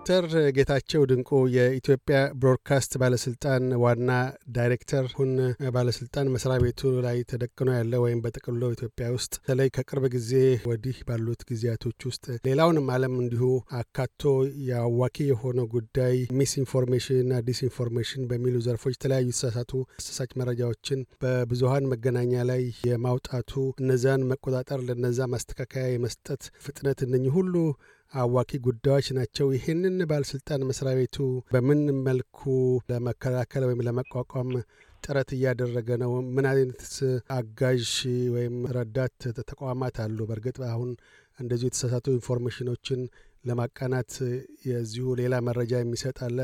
ዶክተር ጌታቸው ድንቁ የኢትዮጵያ ብሮድካስት ባለስልጣን ዋና ዳይሬክተር ሁን ባለስልጣን መስሪያ ቤቱ ላይ ተደቅኖ ያለ ወይም በጥቅሎ ኢትዮጵያ ውስጥ በተለይ ከቅርብ ጊዜ ወዲህ ባሉት ጊዜያቶች ውስጥ ሌላውንም ዓለም እንዲሁ አካቶ የአዋኪ የሆነ ጉዳይ ሚስ ኢንፎርሜሽን እና ዲስኢንፎርሜሽን በሚሉ ዘርፎች የተለያዩ ተሳሳቱ አሳሳች መረጃዎችን በብዙሀን መገናኛ ላይ የማውጣቱ እነዛን መቆጣጠር ለነዛ ማስተካከያ የመስጠት ፍጥነት እነኚህ ሁሉ አዋኪ ጉዳዮች ናቸው። ይህንን ባለስልጣን መስሪያ ቤቱ በምን መልኩ ለመከላከል ወይም ለመቋቋም ጥረት እያደረገ ነው? ምን አይነት አጋዥ ወይም ረዳት ተቋማት አሉ? በእርግጥ አሁን እንደዚሁ የተሳሳቱ ኢንፎርሜሽኖችን ለማቃናት የዚሁ ሌላ መረጃ የሚሰጥ አለ።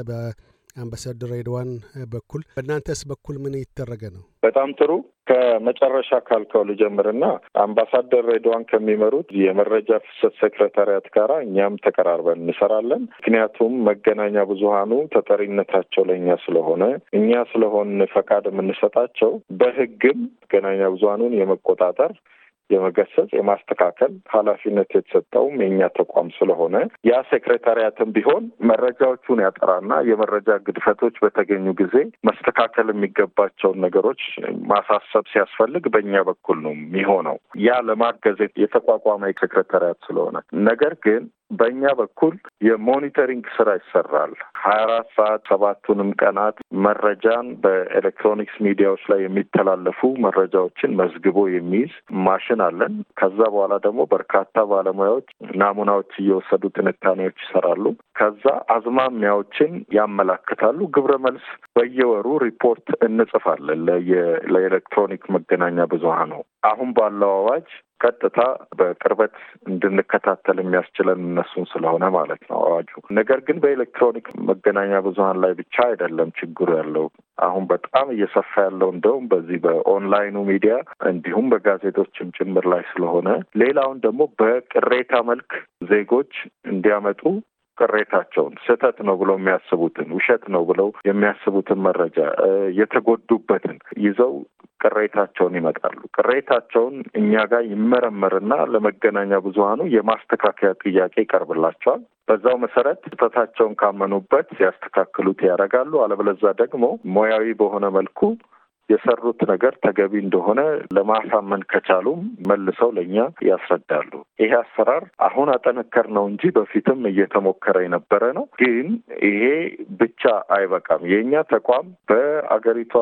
አምባሳደር ሬድዋን በኩል በእናንተስ በኩል ምን እየተደረገ ነው? በጣም ጥሩ። ከመጨረሻ ካልከው ልጀምርና አምባሳደር ሬድዋን ከሚመሩት የመረጃ ፍሰት ሴክሬታሪያት ጋራ እኛም ተቀራርበን እንሰራለን። ምክንያቱም መገናኛ ብዙሃኑ ተጠሪነታቸው ለእኛ ስለሆነ እኛ ስለሆን ፈቃድ የምንሰጣቸው በህግም መገናኛ ብዙኃኑን የመቆጣጠር የመገሰጽ የማስተካከል ኃላፊነት የተሰጠውም የእኛ ተቋም ስለሆነ ያ ሴክሬታሪያትም ቢሆን መረጃዎቹን ያጠራና የመረጃ ግድፈቶች በተገኙ ጊዜ መስተካከል የሚገባቸውን ነገሮች ማሳሰብ ሲያስፈልግ በእኛ በኩል ነው የሚሆነው። ያ ለማገዝ የተቋቋመ ሴክሬታሪያት ስለሆነ ነገር ግን በእኛ በኩል የሞኒተሪንግ ስራ ይሰራል። ሀያ አራት ሰዓት ሰባቱንም ቀናት መረጃን በኤሌክትሮኒክስ ሚዲያዎች ላይ የሚተላለፉ መረጃዎችን መዝግቦ የሚይዝ ማሽን አለን። ከዛ በኋላ ደግሞ በርካታ ባለሙያዎች ናሙናዎች እየወሰዱ ትንታኔዎች ይሰራሉ። ከዛ አዝማሚያዎችን ያመላክታሉ። ግብረ መልስ በየወሩ ሪፖርት እንጽፋለን ለኤሌክትሮኒክ መገናኛ ብዙሃን ነው። አሁን ባለው አዋጅ ቀጥታ በቅርበት እንድንከታተል የሚያስችለን እነሱን ስለሆነ ማለት ነው አዋጁ። ነገር ግን በኤሌክትሮኒክ መገናኛ ብዙኃን ላይ ብቻ አይደለም ችግሩ ያለው። አሁን በጣም እየሰፋ ያለው እንደውም በዚህ በኦንላይኑ ሚዲያ እንዲሁም በጋዜጦችም ጭምር ላይ ስለሆነ ሌላውን ደግሞ በቅሬታ መልክ ዜጎች እንዲያመጡ ቅሬታቸውን፣ ስህተት ነው ብለው የሚያስቡትን፣ ውሸት ነው ብለው የሚያስቡትን መረጃ የተጎዱበትን ይዘው ቅሬታቸውን ይመጣሉ። ቅሬታቸውን እኛ ጋር ይመረመርና ለመገናኛ ብዙኃኑ የማስተካከያ ጥያቄ ይቀርብላቸዋል። በዛው መሰረት ስህተታቸውን ካመኑበት ሲያስተካክሉት ያደርጋሉ። አለበለዛ ደግሞ ሙያዊ በሆነ መልኩ የሰሩት ነገር ተገቢ እንደሆነ ለማሳመን ከቻሉም መልሰው ለእኛ ያስረዳሉ። ይሄ አሰራር አሁን አጠነከር ነው እንጂ በፊትም እየተሞከረ የነበረ ነው። ግን ይሄ ብቻ አይበቃም። የእኛ ተቋም በአገሪቷ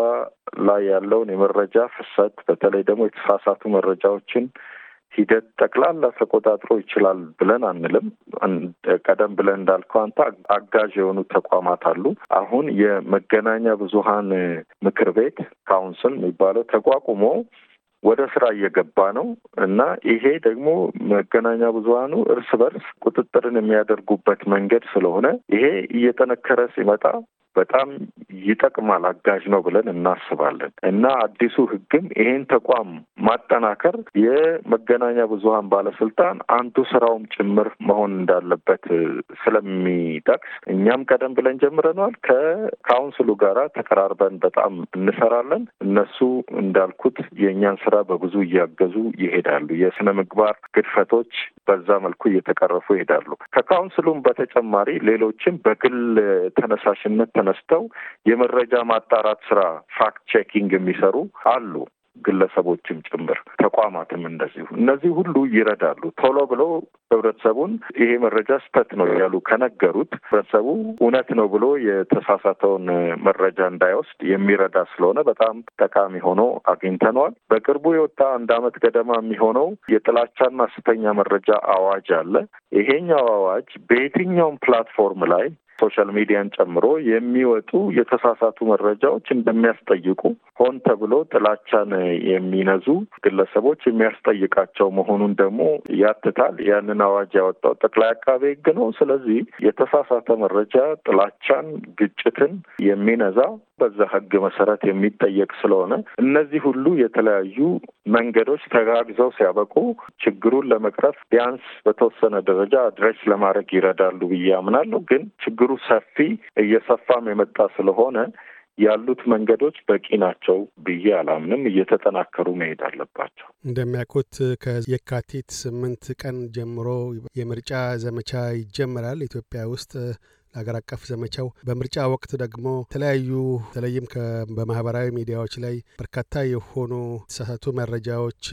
ላይ ያለውን የመረጃ ፍሰት በተለይ ደግሞ የተሳሳቱ መረጃዎችን ሂደት ጠቅላላ ተቆጣጥሮ ይችላል ብለን አንልም። ቀደም ብለን እንዳልከው አንተ አጋዥ የሆኑ ተቋማት አሉ። አሁን የመገናኛ ብዙሃን ምክር ቤት ካውንስል የሚባለው ተቋቁሞ ወደ ስራ እየገባ ነው እና ይሄ ደግሞ መገናኛ ብዙሀኑ እርስ በርስ ቁጥጥርን የሚያደርጉበት መንገድ ስለሆነ ይሄ እየጠነከረ ሲመጣ በጣም ይጠቅማል፣ አጋዥ ነው ብለን እናስባለን እና አዲሱ ህግም ይሄን ተቋም ማጠናከር የመገናኛ ብዙሀን ባለስልጣን አንዱ ስራውም ጭምር መሆን እንዳለበት ስለሚጠቅስ እኛም ቀደም ብለን ጀምረነዋል። ከካውንስሉ ጋራ ተቀራርበን በጣም እንሰራለን። እነሱ እንዳልኩት የእኛን ስራ በብዙ እያገዙ ይሄዳሉ። የስነ ምግባር ግድፈቶች በዛ መልኩ እየተቀረፉ ይሄዳሉ። ከካውንስሉም በተጨማሪ ሌሎችም በግል ተነሳሽነት ተነስተው የመረጃ ማጣራት ስራ ፋክት ቼኪንግ የሚሰሩ አሉ። ግለሰቦችም ጭምር ተቋማትም እንደዚሁ። እነዚህ ሁሉ ይረዳሉ። ቶሎ ብለው ህብረተሰቡን ይሄ መረጃ ስህተት ነው እያሉ ከነገሩት ህብረተሰቡ እውነት ነው ብሎ የተሳሳተውን መረጃ እንዳይወስድ የሚረዳ ስለሆነ በጣም ጠቃሚ ሆኖ አግኝተነዋል። በቅርቡ የወጣ አንድ አመት ገደማ የሚሆነው የጥላቻና ሐሰተኛ መረጃ አዋጅ አለ። ይሄኛው አዋጅ በየትኛውም ፕላትፎርም ላይ ሶሻል ሚዲያን ጨምሮ የሚወጡ የተሳሳቱ መረጃዎች እንደሚያስጠይቁ ሆን ተብሎ ጥላቻን የሚነዙ ግለሰቦች የሚያስጠይቃቸው መሆኑን ደግሞ ያትታል። ያንን አዋጅ ያወጣው ጠቅላይ አቃቤ ሕግ ነው። ስለዚህ የተሳሳተ መረጃ ጥላቻን፣ ግጭትን የሚነዛ በዛ ሕግ መሰረት የሚጠየቅ ስለሆነ እነዚህ ሁሉ የተለያዩ መንገዶች ተጋግዘው ሲያበቁ ችግሩን ለመቅረፍ ቢያንስ በተወሰነ ደረጃ አድሬስ ለማድረግ ይረዳሉ ብዬ አምናለሁ ግን ችግሩ ሰፊ እየሰፋም የመጣ ስለሆነ ያሉት መንገዶች በቂ ናቸው ብዬ አላምንም። እየተጠናከሩ መሄድ አለባቸው። እንደሚያውቁት ከየካቲት ስምንት ቀን ጀምሮ የምርጫ ዘመቻ ይጀምራል ኢትዮጵያ ውስጥ ለሀገር አቀፍ ዘመቻው በምርጫ ወቅት ደግሞ የተለያዩ በተለይም በማህበራዊ ሚዲያዎች ላይ በርካታ የሆኑ የተሳሳቱ መረጃዎች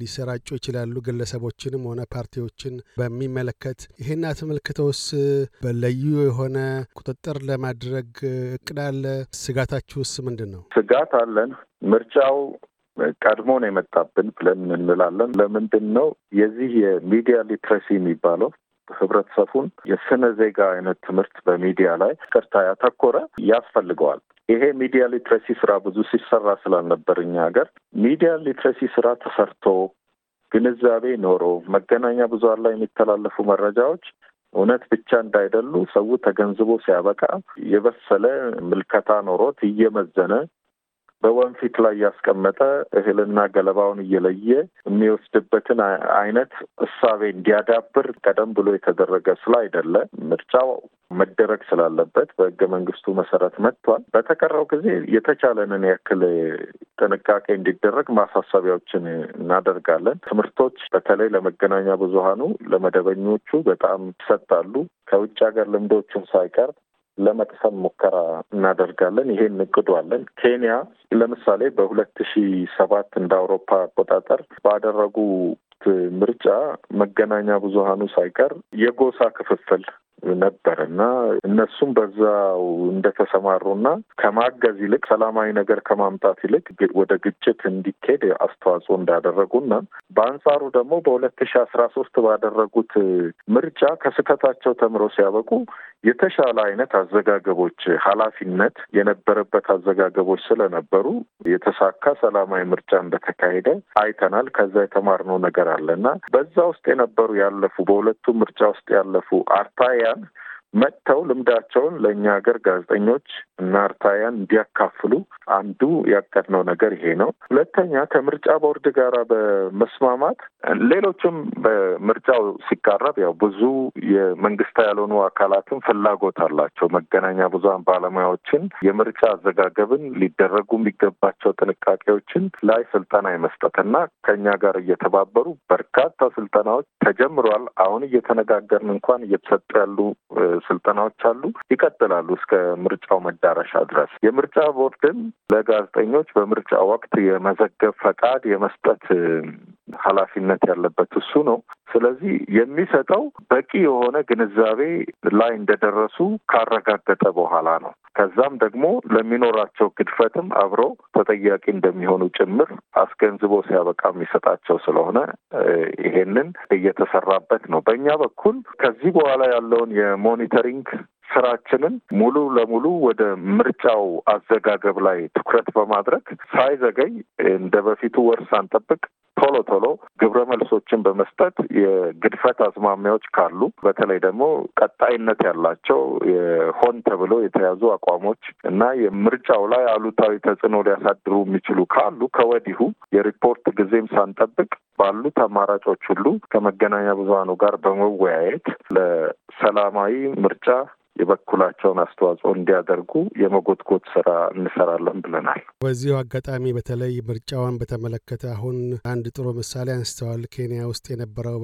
ሊሰራጩ ይችላሉ። ግለሰቦችንም ሆነ ፓርቲዎችን በሚመለከት ይህን አስመልክተውስ በለዩ የሆነ ቁጥጥር ለማድረግ እቅድ አለ? ስጋታችሁስ ምንድን ነው? ስጋት አለን። ምርጫው ቀድሞ ነው የመጣብን ብለን እንላለን። ለምንድን ነው የዚህ የሚዲያ ሊትረሲ የሚባለው ህብረተሰቡን የስነ ዜጋ አይነት ትምህርት በሚዲያ ላይ ቅርታ ያተኮረ ያስፈልገዋል። ይሄ ሚዲያ ሊትሬሲ ስራ ብዙ ሲሰራ ስላልነበር እኛ ሀገር ሚዲያ ሊትረሲ ስራ ተሰርቶ ግንዛቤ ኖሮ መገናኛ ብዙኃን ላይ የሚተላለፉ መረጃዎች እውነት ብቻ እንዳይደሉ ሰው ተገንዝቦ ሲያበቃ የበሰለ ምልከታ ኖሮት እየመዘነ በወንፊት ላይ ያስቀመጠ እህልና ገለባውን እየለየ የሚወስድበትን አይነት እሳቤ እንዲያዳብር ቀደም ብሎ የተደረገ ስለ አይደለ ምርጫው መደረግ ስላለበት በህገ መንግስቱ መሰረት መጥቷል። በተቀረው ጊዜ የተቻለንን ያክል ጥንቃቄ እንዲደረግ ማሳሰቢያዎችን እናደርጋለን። ትምህርቶች በተለይ ለመገናኛ ብዙሃኑ ለመደበኞቹ በጣም ይሰጣሉ። ከውጭ ሀገር ልምዶችን ሳይቀር ለመቅሰም ሙከራ እናደርጋለን። ይሄን እቅዱ አለን። ኬንያ ለምሳሌ በሁለት ሺ ሰባት እንደ አውሮፓ አቆጣጠር ባደረጉ ምርጫ መገናኛ ብዙሃኑ ሳይቀር የጎሳ ክፍፍል ነበር እና እነሱም በዛው እንደተሰማሩና ከማገዝ ይልቅ ሰላማዊ ነገር ከማምጣት ይልቅ ወደ ግጭት እንዲካሄድ አስተዋጽኦ እንዳደረጉና በአንጻሩ ደግሞ በሁለት ሺ አስራ ሶስት ባደረጉት ምርጫ ከስህተታቸው ተምሮ ሲያበቁ የተሻለ አይነት አዘጋገቦች ኃላፊነት የነበረበት አዘጋገቦች ስለነበሩ የተሳካ ሰላማዊ ምርጫ እንደተካሄደ አይተናል። ከዛ የተማርነው ነገር አለ እና በዛ ውስጥ የነበሩ ያለፉ በሁለቱ ምርጫ ውስጥ ያለፉ አርታያን መጥተው ልምዳቸውን ለእኛ ሀገር ጋዜጠኞች እና አርታያን እንዲያካፍሉ አንዱ ያቀድነው ነገር ይሄ ነው። ሁለተኛ ከምርጫ ቦርድ ጋር በመስማማት ሌሎችም በምርጫው ሲቃረብ ያው ብዙ የመንግስታ ያልሆኑ አካላትም ፍላጎት አላቸው። መገናኛ ብዙሀን ባለሙያዎችን የምርጫ አዘጋገብን ሊደረጉ የሚገባቸው ጥንቃቄዎችን ላይ ስልጠና የመስጠት እና ከእኛ ጋር እየተባበሩ በርካታ ስልጠናዎች ተጀምሯል። አሁን እየተነጋገርን እንኳን እየተሰጡ ያሉ ስልጠናዎች አሉ፣ ይቀጥላሉ እስከ ምርጫው መዳረሻ ድረስ። የምርጫ ቦርድን ለጋዜጠኞች በምርጫ ወቅት የመዘገብ ፈቃድ የመስጠት ኃላፊነት ያለበት እሱ ነው። ስለዚህ የሚሰጠው በቂ የሆነ ግንዛቤ ላይ እንደደረሱ ካረጋገጠ በኋላ ነው። ከዛም ደግሞ ለሚኖራቸው ግድፈትም አብሮ ተጠያቂ እንደሚሆኑ ጭምር አስገንዝቦ ሲያበቃ የሚሰጣቸው ስለሆነ ይሄንን እየተሰራበት ነው። በእኛ በኩል ከዚህ በኋላ ያለውን የሞኒተሪንግ ስራችንን ሙሉ ለሙሉ ወደ ምርጫው አዘጋገብ ላይ ትኩረት በማድረግ ሳይዘገይ እንደ በፊቱ ወር ሳንጠብቅ ቶሎ ቶሎ ግብረ መልሶችን በመስጠት የግድፈት አዝማሚያዎች ካሉ በተለይ ደግሞ ቀጣይነት ያላቸው ሆን ተብሎ የተያዙ አቋሞች እና የምርጫው ላይ አሉታዊ ተጽዕኖ ሊያሳድሩ የሚችሉ ካሉ ከወዲሁ የሪፖርት ጊዜም ሳንጠብቅ ባሉት አማራጮች ሁሉ ከመገናኛ ብዙሃኑ ጋር በመወያየት ለሰላማዊ ምርጫ የበኩላቸውን አስተዋጽኦ እንዲያደርጉ የመጎትጎት ስራ እንሰራለን ብለናል። በዚሁ አጋጣሚ በተለይ ምርጫዋን በተመለከተ አሁን አንድ ጥሩ ምሳሌ አንስተዋል። ኬንያ ውስጥ የነበረው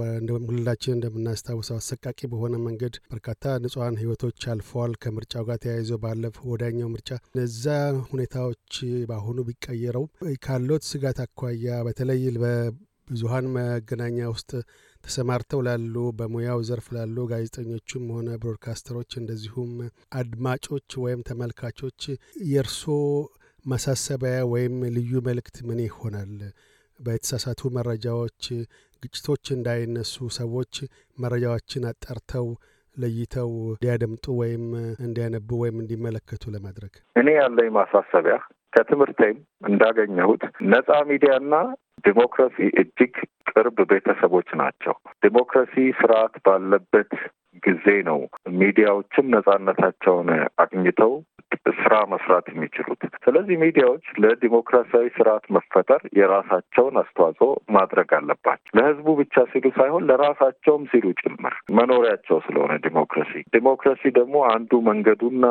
ሁላችን እንደምናስታውሰው አሰቃቂ በሆነ መንገድ በርካታ ንጹሐን ህይወቶች አልፈዋል። ከምርጫው ጋር ተያይዞ ባለፈ ወዳኛው ምርጫ እነዛ ሁኔታዎች በአሁኑ ቢቀየረው ካለት ስጋት አኳያ በተለይ በብዙሀን መገናኛ ውስጥ ተሰማርተው ላሉ በሙያው ዘርፍ ላሉ ጋዜጠኞችም ሆነ ብሮድካስተሮች እንደዚሁም አድማጮች ወይም ተመልካቾች የእርሶ ማሳሰቢያ ወይም ልዩ መልእክት ምን ይሆናል? በተሳሳቱ መረጃዎች ግጭቶች እንዳይነሱ ሰዎች መረጃዎችን አጣርተው ለይተው እንዲያደምጡ ወይም እንዲያነቡ ወይም እንዲመለከቱ ለማድረግ እኔ ያለኝ ማሳሰቢያ ከትምህርቴም እንዳገኘሁት ነጻ ሚዲያና ዲሞክራሲ እጅግ ቅርብ ቤተሰቦች ናቸው። ዲሞክራሲ ስርዓት ባለበት ጊዜ ነው ሚዲያዎችም ነጻነታቸውን አግኝተው ስራ መስራት የሚችሉት። ስለዚህ ሚዲያዎች ለዲሞክራሲያዊ ስርዓት መፈጠር የራሳቸውን አስተዋጽኦ ማድረግ አለባቸው። ለህዝቡ ብቻ ሲሉ ሳይሆን ለራሳቸውም ሲሉ ጭምር መኖሪያቸው ስለሆነ ዲሞክራሲ ዲሞክራሲ ደግሞ አንዱ መንገዱና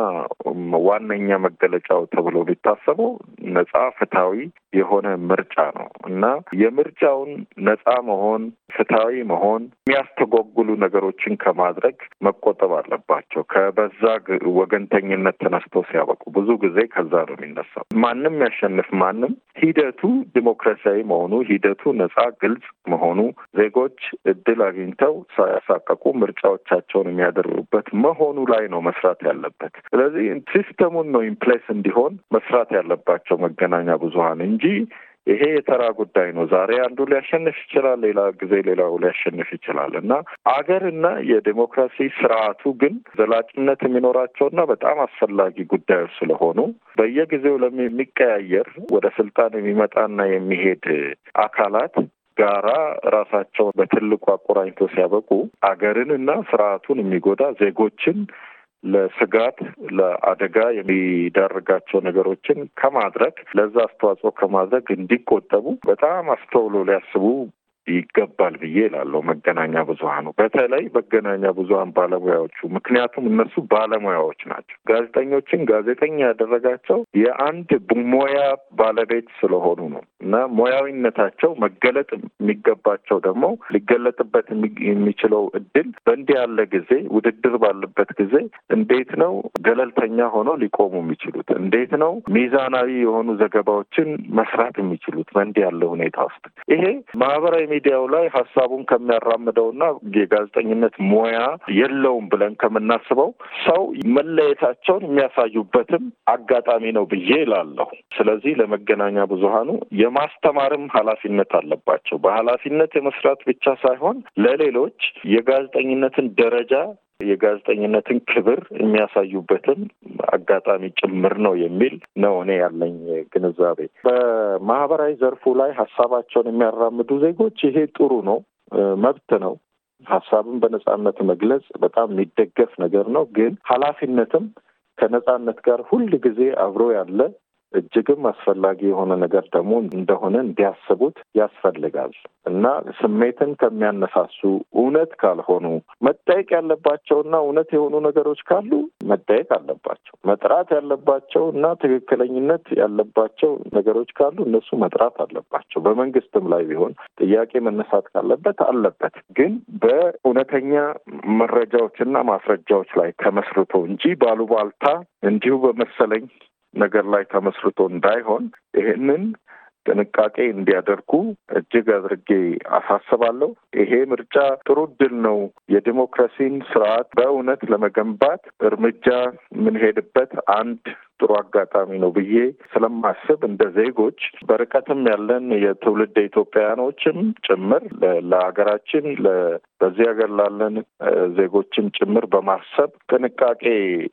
ዋነኛ መገለጫው ተብሎ የሚታሰበው ነጻ ፍትሐዊ የሆነ ምርጫ ነው እና የምርጫውን ነጻ መሆን ፍትሃዊ መሆን የሚያስተጓጉሉ ነገሮችን ከማድረግ ማድረግ መቆጠብ አለባቸው። ከበዛ ወገንተኝነት ተነስተው ሲያበቁ ብዙ ጊዜ ከዛ ነው የሚነሳው። ማንም ያሸንፍ ማንም፣ ሂደቱ ዲሞክራሲያዊ መሆኑ ሂደቱ ነጻ፣ ግልጽ መሆኑ ዜጎች እድል አግኝተው ሳያሳቀቁ ምርጫዎቻቸውን የሚያደርጉበት መሆኑ ላይ ነው መስራት ያለበት። ስለዚህ ሲስተሙን ነው ኢምፕሌስ እንዲሆን መስራት ያለባቸው መገናኛ ብዙሀን እንጂ ይሄ የተራ ጉዳይ ነው። ዛሬ አንዱ ሊያሸንፍ ይችላል፣ ሌላ ጊዜ ሌላው ሊያሸንፍ ይችላል እና አገርና የዴሞክራሲ ስርዓቱ ግን ዘላቂነት የሚኖራቸውና በጣም አስፈላጊ ጉዳዮች ስለሆኑ በየጊዜው ለሚቀያየር ወደ ስልጣን የሚመጣና የሚሄድ አካላት ጋራ ራሳቸውን በትልቁ አቆራኝቶ ሲያበቁ አገርን እና ስርዓቱን የሚጎዳ ዜጎችን ለስጋት ለአደጋ የሚዳርጋቸው ነገሮችን ከማድረግ ለዛ አስተዋጽኦ ከማድረግ እንዲቆጠቡ በጣም አስተውሎ ሊያስቡ ይገባል ብዬ ላለው መገናኛ ብዙሀኑ በተለይ መገናኛ ብዙሀን ባለሙያዎቹ፣ ምክንያቱም እነሱ ባለሙያዎች ናቸው። ጋዜጠኞችን ጋዜጠኛ ያደረጋቸው የአንድ ሙያ ባለቤት ስለሆኑ ነው እና ሙያዊነታቸው መገለጥ የሚገባቸው ደግሞ ሊገለጥበት የሚችለው እድል በእንዲህ ያለ ጊዜ ውድድር ባለበት ጊዜ እንዴት ነው ገለልተኛ ሆኖ ሊቆሙ የሚችሉት? እንዴት ነው ሚዛናዊ የሆኑ ዘገባዎችን መስራት የሚችሉት? በእንዲህ ያለ ሁኔታ ውስጥ ይሄ ማህበራዊ በሚዲያው ላይ ሀሳቡን ከሚያራምደውና የጋዜጠኝነት ሙያ የለውም ብለን ከምናስበው ሰው መለየታቸውን የሚያሳዩበትም አጋጣሚ ነው ብዬ እላለሁ። ስለዚህ ለመገናኛ ብዙሀኑ የማስተማርም ኃላፊነት አለባቸው። በኃላፊነት የመስራት ብቻ ሳይሆን ለሌሎች የጋዜጠኝነትን ደረጃ የጋዜጠኝነትን ክብር የሚያሳዩበትን አጋጣሚ ጭምር ነው የሚል ነው እኔ ያለኝ ግንዛቤ። በማህበራዊ ዘርፉ ላይ ሀሳባቸውን የሚያራምዱ ዜጎች ይሄ ጥሩ ነው፣ መብት ነው። ሀሳብን በነጻነት መግለጽ በጣም የሚደገፍ ነገር ነው። ግን ኃላፊነትም ከነጻነት ጋር ሁል ጊዜ አብሮ ያለ እጅግም አስፈላጊ የሆነ ነገር ደግሞ እንደሆነ እንዲያስቡት ያስፈልጋል እና ስሜትን ከሚያነሳሱ እውነት ካልሆኑ መጠየቅ ያለባቸውና እውነት የሆኑ ነገሮች ካሉ መጠየቅ አለባቸው። መጥራት ያለባቸው እና ትክክለኝነት ያለባቸው ነገሮች ካሉ እነሱ መጥራት አለባቸው። በመንግስትም ላይ ቢሆን ጥያቄ መነሳት ካለበት አለበት፣ ግን በእውነተኛ መረጃዎችና ማስረጃዎች ላይ ተመስርቶ እንጂ ባሉባልታ እንዲሁ በመሰለኝ ነገር ላይ ተመስርቶ እንዳይሆን ይሄንን ጥንቃቄ እንዲያደርጉ እጅግ አድርጌ አሳስባለሁ። ይሄ ምርጫ ጥሩ እድል ነው። የዲሞክራሲን ስርዓት በእውነት ለመገንባት እርምጃ የምንሄድበት አንድ ጥሩ አጋጣሚ ነው ብዬ ስለማስብ እንደ ዜጎች በርቀትም ያለን የትውልድ ኢትዮጵያውያኖችም ጭምር ለሀገራችን በዚህ ሀገር ላለን ዜጎችም ጭምር በማሰብ ጥንቃቄ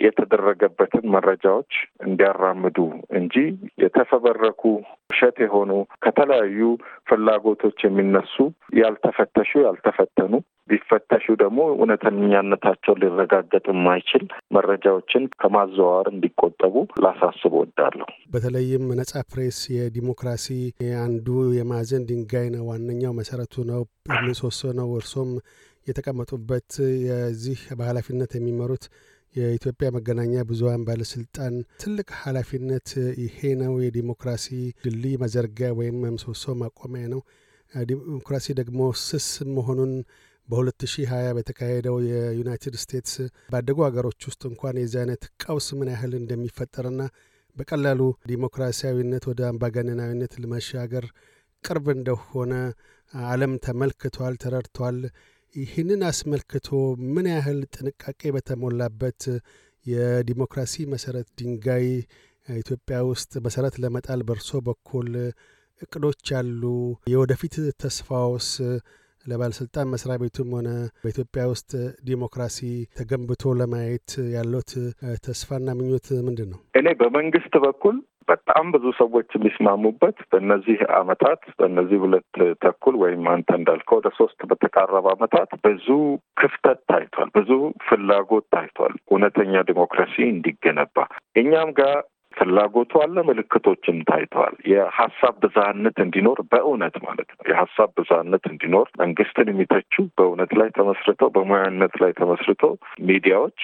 የተደረገበትን መረጃዎች እንዲያራምዱ እንጂ የተፈበረኩ ውሸት የሆኑ ከተለያዩ ፍላጎቶች የሚነሱ ያልተፈተሹ ያልተፈተኑ ቢፈተሹ ደግሞ እውነተኛነታቸው ሊረጋገጥ የማይችል መረጃዎችን ከማዘዋወር እንዲቆጠቡ ላሳስብ ወዳለሁ። በተለይም ነጻ ፕሬስ የዲሞክራሲ አንዱ የማዕዘን ድንጋይ ነው፣ ዋነኛው መሰረቱ ነው፣ ምሰሶ ነው። እርሶም የተቀመጡበት የዚህ በኃላፊነት የሚመሩት የኢትዮጵያ መገናኛ ብዙኃን ባለስልጣን ትልቅ ኃላፊነት ይሄ ነው። የዲሞክራሲ ድልድይ መዘርጊያ ወይም ምሰሶ ማቆሚያ ነው። ዲሞክራሲ ደግሞ ስስ መሆኑን በ2020 በተካሄደው የዩናይትድ ስቴትስ ባደጉ ሀገሮች ውስጥ እንኳን የዚህ አይነት ቀውስ ምን ያህል እንደሚፈጠርና በቀላሉ ዲሞክራሲያዊነት ወደ አምባገነናዊነት ለመሻገር ቅርብ እንደሆነ ዓለም ተመልክቷል፣ ተረድቷል። ይህንን አስመልክቶ ምን ያህል ጥንቃቄ በተሞላበት የዲሞክራሲ መሰረት ድንጋይ ኢትዮጵያ ውስጥ መሰረት ለመጣል በርሶ በኩል እቅዶች አሉ? የወደፊት ተስፋውስ ለባለስልጣን መስሪያ ቤቱም ሆነ በኢትዮጵያ ውስጥ ዲሞክራሲ ተገንብቶ ለማየት ያለት ተስፋና ምኞት ምንድን ነው? እኔ በመንግስት በኩል በጣም ብዙ ሰዎች የሚስማሙበት በእነዚህ አመታት በእነዚህ ሁለት ተኩል ወይም አንተ እንዳልከው ወደ ሶስት በተቃረበ አመታት ብዙ ክፍተት ታይቷል። ብዙ ፍላጎት ታይቷል። እውነተኛ ዲሞክራሲ እንዲገነባ እኛም ጋር ፍላጎቱ አለ፣ ምልክቶችም ታይተዋል። የሀሳብ ብዝሃነት እንዲኖር በእውነት ማለት ነው የሀሳብ ብዝሃነት እንዲኖር መንግስትን የሚተቹ በእውነት ላይ ተመስርተው በሙያነት ላይ ተመስርተው ሚዲያዎች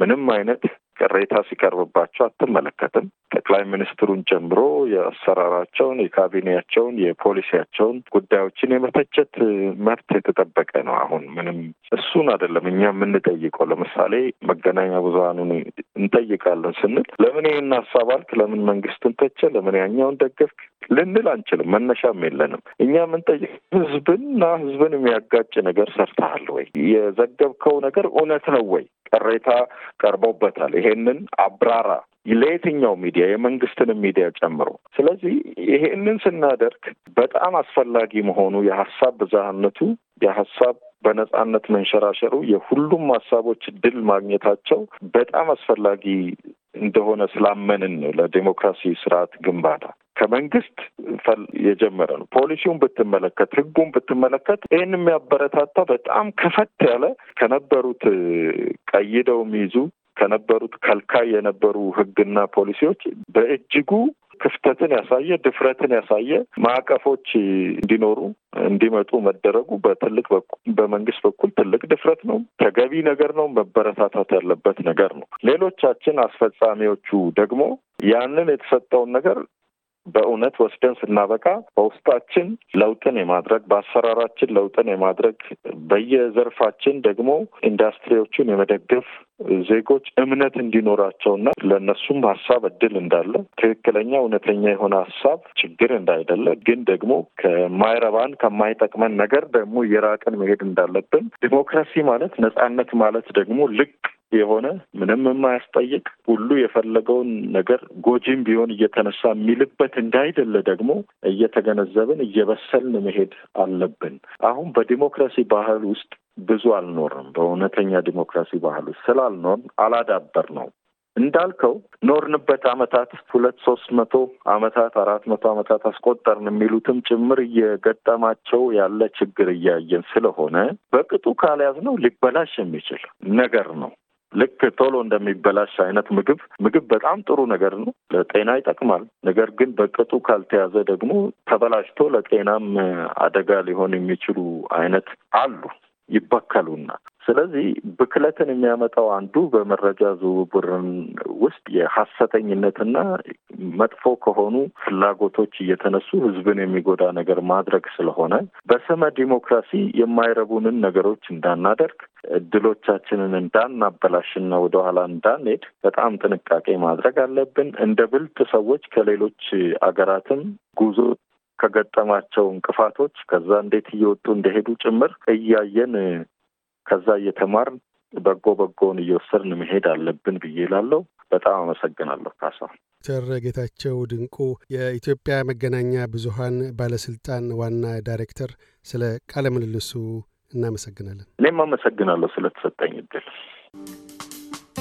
ምንም አይነት ቅሬታ ሲቀርብባቸው አትመለከትም። ጠቅላይ ሚኒስትሩን ጨምሮ የአሰራራቸውን፣ የካቢኔያቸውን፣ የፖሊሲያቸውን ጉዳዮችን የመተቸት መብት የተጠበቀ ነው። አሁን ምንም እሱን አይደለም እኛ የምንጠይቀው። ለምሳሌ መገናኛ ብዙሀኑን እንጠይቃለን ስንል ለምን ይህን ሀሳብ አልክ፣ ለምን መንግስትን ተቸ፣ ለምን ያኛውን ደገፍክ ልንል አንችልም። መነሻም የለንም። እኛ የምንጠይቅ ህዝብንና ህዝብን የሚያጋጭ ነገር ሰርተሃል ወይ? የዘገብከው ነገር እውነት ነው ወይ? ቅሬታ ቀርቦበታል። ይሄንን አብራራ ለየትኛው ሚዲያ የመንግስትንም ሚዲያ ጨምሮ። ስለዚህ ይሄንን ስናደርግ በጣም አስፈላጊ መሆኑ የሀሳብ ብዝሃነቱ የሀሳብ በነጻነት መንሸራሸሩ የሁሉም ሀሳቦች ድል ማግኘታቸው በጣም አስፈላጊ እንደሆነ ስላመንን ነው ለዴሞክራሲ ስርዓት ግንባታ። ከመንግስት የጀመረ ነው። ፖሊሲውን ብትመለከት፣ ህጉን ብትመለከት ይህን የሚያበረታታ በጣም ከፈት ያለ ከነበሩት ቀይደው የሚይዙ ከነበሩት ከልካይ የነበሩ ህግና ፖሊሲዎች በእጅጉ ክፍተትን ያሳየ ድፍረትን ያሳየ ማዕቀፎች እንዲኖሩ እንዲመጡ መደረጉ በትልቅ በመንግስት በኩል ትልቅ ድፍረት ነው። ተገቢ ነገር ነው። መበረታታት ያለበት ነገር ነው። ሌሎቻችን አስፈጻሚዎቹ ደግሞ ያንን የተሰጠውን ነገር በእውነት ወስደን ስናበቃ በውስጣችን ለውጥን የማድረግ በአሰራራችን ለውጥን የማድረግ በየዘርፋችን ደግሞ ኢንዱስትሪዎቹን የመደገፍ ዜጎች እምነት እንዲኖራቸውና ለእነሱም ሀሳብ እድል እንዳለ ትክክለኛ እውነተኛ የሆነ ሀሳብ ችግር እንዳይደለ ግን ደግሞ ከማይረባን ከማይጠቅመን ነገር ደግሞ የራቅን መሄድ እንዳለብን ዲሞክራሲ ማለት ነጻነት ማለት ደግሞ ልቅ የሆነ ምንም የማያስጠይቅ ሁሉ የፈለገውን ነገር ጎጂም ቢሆን እየተነሳ የሚልበት እንዳይደለ ደግሞ እየተገነዘብን እየበሰልን መሄድ አለብን። አሁን በዲሞክራሲ ባህል ውስጥ ብዙ አልኖርም። በእውነተኛ ዲሞክራሲ ባህል ውስጥ ስላልኖር አላዳበር ነው እንዳልከው ኖርንበት አመታት ሁለት ሶስት መቶ አመታት አራት መቶ አመታት አስቆጠርን የሚሉትም ጭምር እየገጠማቸው ያለ ችግር እያየን ስለሆነ በቅጡ ካልያዝ ነው ሊበላሽ የሚችል ነገር ነው። ልክ ቶሎ እንደሚበላሽ አይነት ምግብ ምግብ በጣም ጥሩ ነገር ነው፣ ለጤና ይጠቅማል። ነገር ግን በቅጡ ካልተያዘ ደግሞ ተበላሽቶ ለጤናም አደጋ ሊሆን የሚችሉ አይነት አሉ ይበከሉና ስለዚህ ብክለትን የሚያመጣው አንዱ በመረጃ ዝውውርን ውስጥ የሀሰተኝነትና መጥፎ ከሆኑ ፍላጎቶች እየተነሱ ህዝብን የሚጎዳ ነገር ማድረግ ስለሆነ በስመ ዲሞክራሲ የማይረቡንን ነገሮች እንዳናደርግ እድሎቻችንን እንዳናበላሽና ወደኋላ እንዳንሄድ በጣም ጥንቃቄ ማድረግ አለብን። እንደ ብልጥ ሰዎች ከሌሎች አገራትም ጉዞ ከገጠማቸው እንቅፋቶች ከዛ እንዴት እየወጡ እንደሄዱ ጭምር እያየን ከዛ እየተማርን በጎ በጎውን እየወሰድን መሄድ አለብን ብዬ ላለው በጣም አመሰግናለሁ ካሳ ዶክተር ጌታቸው ድንቁ የኢትዮጵያ መገናኛ ብዙሀን ባለስልጣን ዋና ዳይሬክተር፣ ስለ ቃለ ምልልሱ እናመሰግናለን። እኔም አመሰግናለሁ ስለተሰጠኝ እድል።